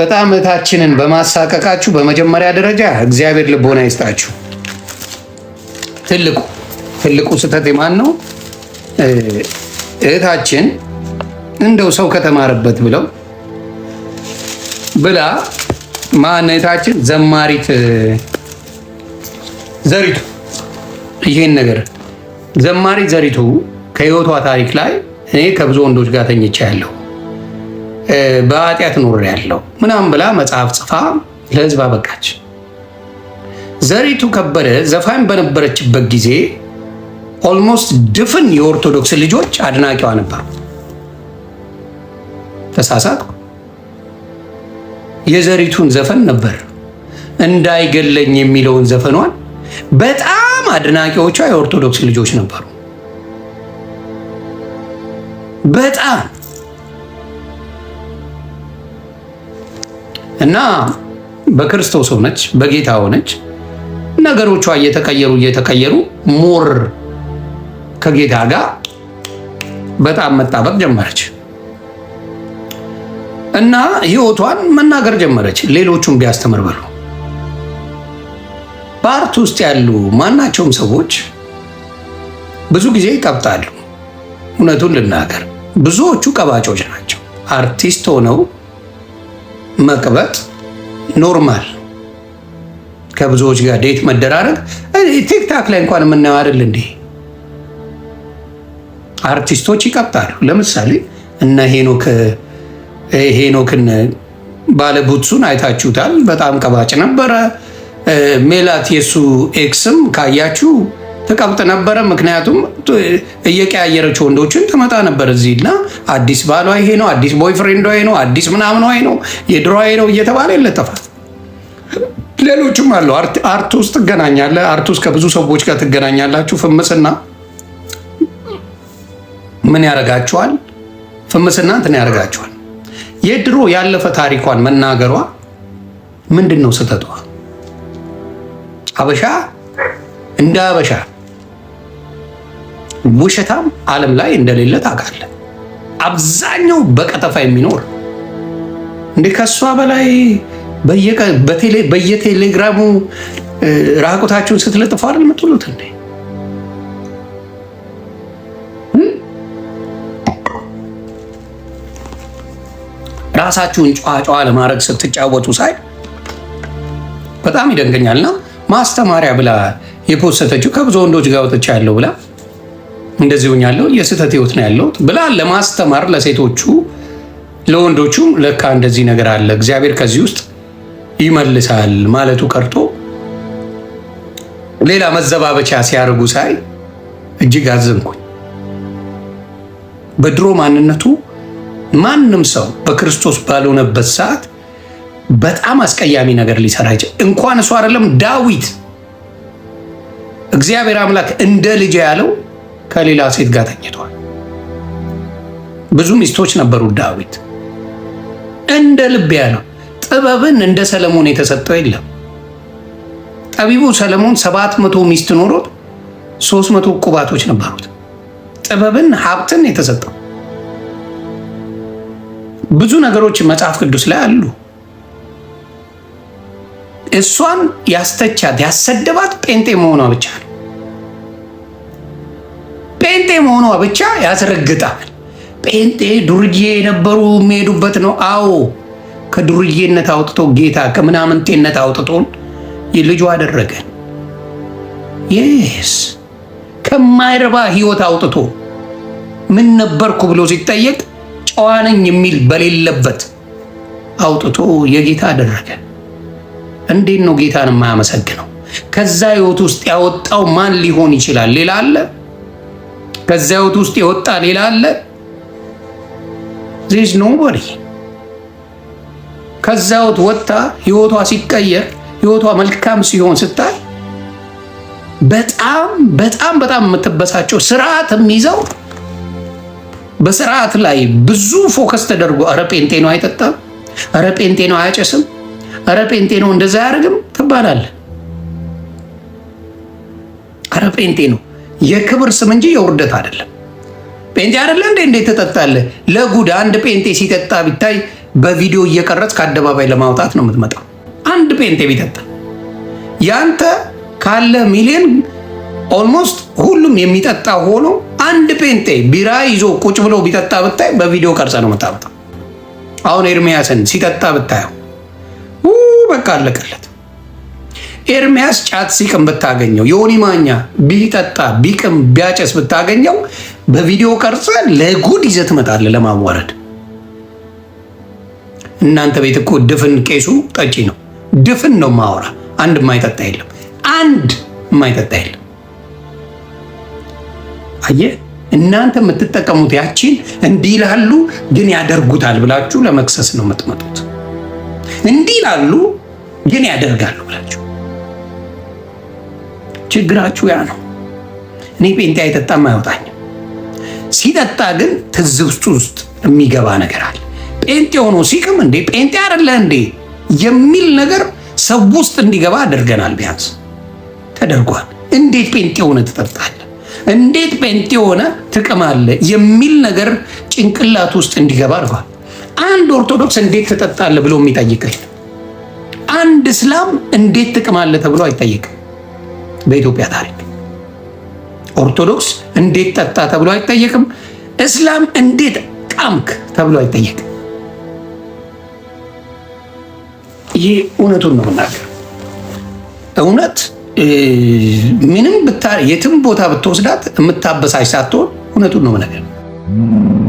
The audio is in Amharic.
በጣም እህታችንን በማሳቀቃችሁ በመጀመሪያ ደረጃ እግዚአብሔር ልቦና ይስጣችሁ። ትልቁ ትልቁ ስህተት የማን ነው? እህታችን እንደው ሰው ከተማረበት ብለው ብላ ማን እህታችን ዘማሪት ዘሪቱ ይሄን ነገር ዘማሪት ዘሪቱ ከህይወቷ ታሪክ ላይ እኔ ከብዙ ወንዶች ጋር ተኝቻ ያለው በኃጢአት ኖር ያለው ምናምን ብላ መጽሐፍ ጽፋ ለህዝብ አበቃች። ዘሪቱ ከበደ ዘፋኝ በነበረችበት ጊዜ ኦልሞስት ድፍን የኦርቶዶክስ ልጆች አድናቂዋ ነበሩ። ተሳሳትኩ። የዘሪቱን ዘፈን ነበር እንዳይገለኝ የሚለውን ዘፈኗን በጣም አድናቂዎቿ የኦርቶዶክስ ልጆች ነበሩ። በጣም እና በክርስቶስ ሆነች በጌታ ሆነች ነገሮቿ እየተቀየሩ እየተቀየሩ ሞር ከጌታ ጋር በጣም መጣበቅ ጀመረች እና ህይወቷን መናገር ጀመረች። ሌሎቹን ቢያስተምር በሉ በአርት ውስጥ ያሉ ማናቸውም ሰዎች ብዙ ጊዜ ይቀብጣሉ። እውነቱን ልናገር፣ ብዙዎቹ ቀባጮች ናቸው። አርቲስት ሆነው መቅበጥ ኖርማል ከብዙዎች ጋር ዴት መደራረግ ቲክታክ ላይ እንኳን የምናየው አይደል እንዴ? አርቲስቶች ይቀብጣሉ። ለምሳሌ እነ ሄኖክን ባለቡትሱን አይታችሁታል። በጣም ቀባጭ ነበረ። ሜላት የሱ ኤክስም ካያችሁ ትቀብጥ ነበረ። ምክንያቱም እየቀያየረች ወንዶችን ትመጣ ነበር እዚህ እና አዲስ ባሏ ይሄ ነው፣ አዲስ ቦይፍሬንዷ ይሄ ነው፣ አዲስ ምናምኗ ይሄ ነው፣ የድሮ ይሄ ነው እየተባለ ይለጠፋል። ሌሎችም አሉ አርት ውስጥ ትገናኛለህ። አርት ውስጥ ከብዙ ሰዎች ጋር ትገናኛላችሁ። ፍምስና ምን ያደርጋችኋል? ፍምስና እንትን ያደርጋችኋል። የድሮ ያለፈ ታሪኳን መናገሯ ምንድን ነው ስህተቷ? አበሻ እንደ አበሻ ውሸታም ዓለም ላይ እንደሌለ ታውቃለህ። አብዛኛው በቀጠፋ የሚኖር እንደ ከሷ በላይ በየቴሌግራሙ ራቁታችሁን ስትለጥፉ አይደል የምትሉት እንዴ? ራሳችሁን ጨዋ ጨዋ ለማድረግ ስትጫወቱ ሳይ በጣም ይደንገኛልና ማስተማሪያ ብላ የፖሰተችው ከብዙ ወንዶች ጋር ወጥቻለሁ ብላ እንደዚህ ሆኛለሁ፣ የስህተት ህይወት ነው ያለሁት ብላ ለማስተማር ለሴቶቹ ለወንዶቹም ለካ እንደዚህ ነገር አለ፣ እግዚአብሔር ከዚህ ውስጥ ይመልሳል ማለቱ ቀርቶ ሌላ መዘባበቻ ሲያደርጉ ሳይ እጅግ አዘንኩኝ። በድሮ ማንነቱ ማንም ሰው በክርስቶስ ባልሆነበት ሰዓት በጣም አስቀያሚ ነገር ሊሰራ ይችል እንኳን እሱ አይደለም ዳዊት እግዚአብሔር አምላክ እንደ ልጅ ያለው ከሌላ ሴት ጋር ተኝቷል። ብዙ ሚስቶች ነበሩት ዳዊት። እንደ ልብ ያለው ጥበብን እንደ ሰለሞን የተሰጠው የለም። ጠቢቡ ሰለሞን ሰባት መቶ ሚስት ኖሮት ሶስት መቶ ቁባቶች ነበሩት። ጥበብን ሀብትን የተሰጠው ብዙ ነገሮች መጽሐፍ ቅዱስ ላይ አሉ። እሷን ያስተቻት ያሰደባት ጴንጤ መሆኗ ብቻ ነው። ጴንጤ መሆኗ ብቻ ያስረግጣል። ጴንጤ ዱርዬ የነበሩ የሚሄዱበት ነው። አዎ ከዱርዬነት አውጥቶ ጌታ ከምናምንቴነት አውጥቶን የልጁ አደረገን። የስ ከማይረባ ህይወት አውጥቶ ምን ነበርኩ ብሎ ሲጠየቅ ጨዋ ነኝ የሚል በሌለበት አውጥቶ የጌታ አደረገን። እንዴት ነው ጌታን የማያመሰግነው? ከዛ ህይወት ውስጥ ያወጣው ማን ሊሆን ይችላል? ሌላ አለ? ከዚያውት ህይወት ውስጥ የወጣ ሌላ አለ? ዜዝ ኖቦዲ። ከዛ ህይወት ወጥታ ህይወቷ ሲቀየር ህይወቷ መልካም ሲሆን ስታይ በጣም በጣም በጣም የምትበሳቸው ስርዓት የሚይዘው በስርዓት ላይ ብዙ ፎከስ ተደርጎ ኧረ ጴንጤ ነው አይጠጣም፣ ኧረ ጴንጤ ነው አያጨስም፣ ኧረ ጴንጤ ነው እንደዛ አያደርግም ትባላለህ። ኧረ ጴንጤ ነው የክብር ስም እንጂ የውርደት አይደለም። ጴንጤ አይደለ እንዴ? እንዴት ትጠጣለህ? ለጉድ አንድ ጴንጤ ሲጠጣ ቢታይ በቪዲዮ እየቀረጽ ከአደባባይ ለማውጣት ነው የምትመጣው። አንድ ጴንጤ ቢጠጣ ያንተ ካለ ሚሊዮን ኦልሞስት ሁሉም የሚጠጣ ሆኖ አንድ ጴንጤ ቢራ ይዞ ቁጭ ብሎ ቢጠጣ ብታይ በቪዲዮ ቀርጸ ነው የምታመጣው። አሁን ኤርሚያስን ሲጠጣ ብታየው በቃ አለቀለት። ኤርሚያስ ጫት ሲቅም ብታገኘው፣ ዮኒ ማኛ ቢጠጣ ቢቅም ቢያጨስ ብታገኘው በቪዲዮ ቀርጸ ለጉድ ይዘህ ትመጣለህ ለማዋረድ። እናንተ ቤት እኮ ድፍን ቄሱ ጠጪ ነው። ድፍን ነው ማወራ። አንድ የማይጠጣ የለም። አንድ የማይጠጣ የለም። አየህ እናንተ የምትጠቀሙት ያቺን እንዲህ ይላሉ ግን ያደርጉታል ብላችሁ ለመክሰስ ነው የምትመጡት። እንዲህ ይላሉ ግን ያደርጋሉ ብላችሁ ችግራችሁ ያ ነው። እኔ ጴንጤ አይጠጣም አይወጣኝም። ሲጠጣ ግን ትዝብት ውስጥ የሚገባ ነገር አለ። ጴንጤ ሆኖ ሲቅም እንዴ ጴንጤ አይደለ እንዴ የሚል ነገር ሰው ውስጥ እንዲገባ አድርገናል። ቢያንስ ተደርጓል። እንዴት ጴንጤ ሆነ ትጠጣለ? እንዴት ጴንጤ ሆነ ትቅማለ? የሚል ነገር ጭንቅላት ውስጥ እንዲገባ አድርጓል። አንድ ኦርቶዶክስ እንዴት ትጠጣለ ብሎ የሚጠይቅ አንድ እስላም እንዴት ትቅማለ ተብሎ አይጠይቅም። በኢትዮጵያ ታሪክ ኦርቶዶክስ እንዴት ጠጣ ተብሎ አይጠየቅም። እስላም እንዴት ቃምክ ተብሎ አይጠየቅም። ይህ እውነቱን ነው የምናገር። እውነት ምንም የትም ቦታ ብትወስዳት የምታበሳሽ ሳትሆን እውነቱን ነው የምናገር።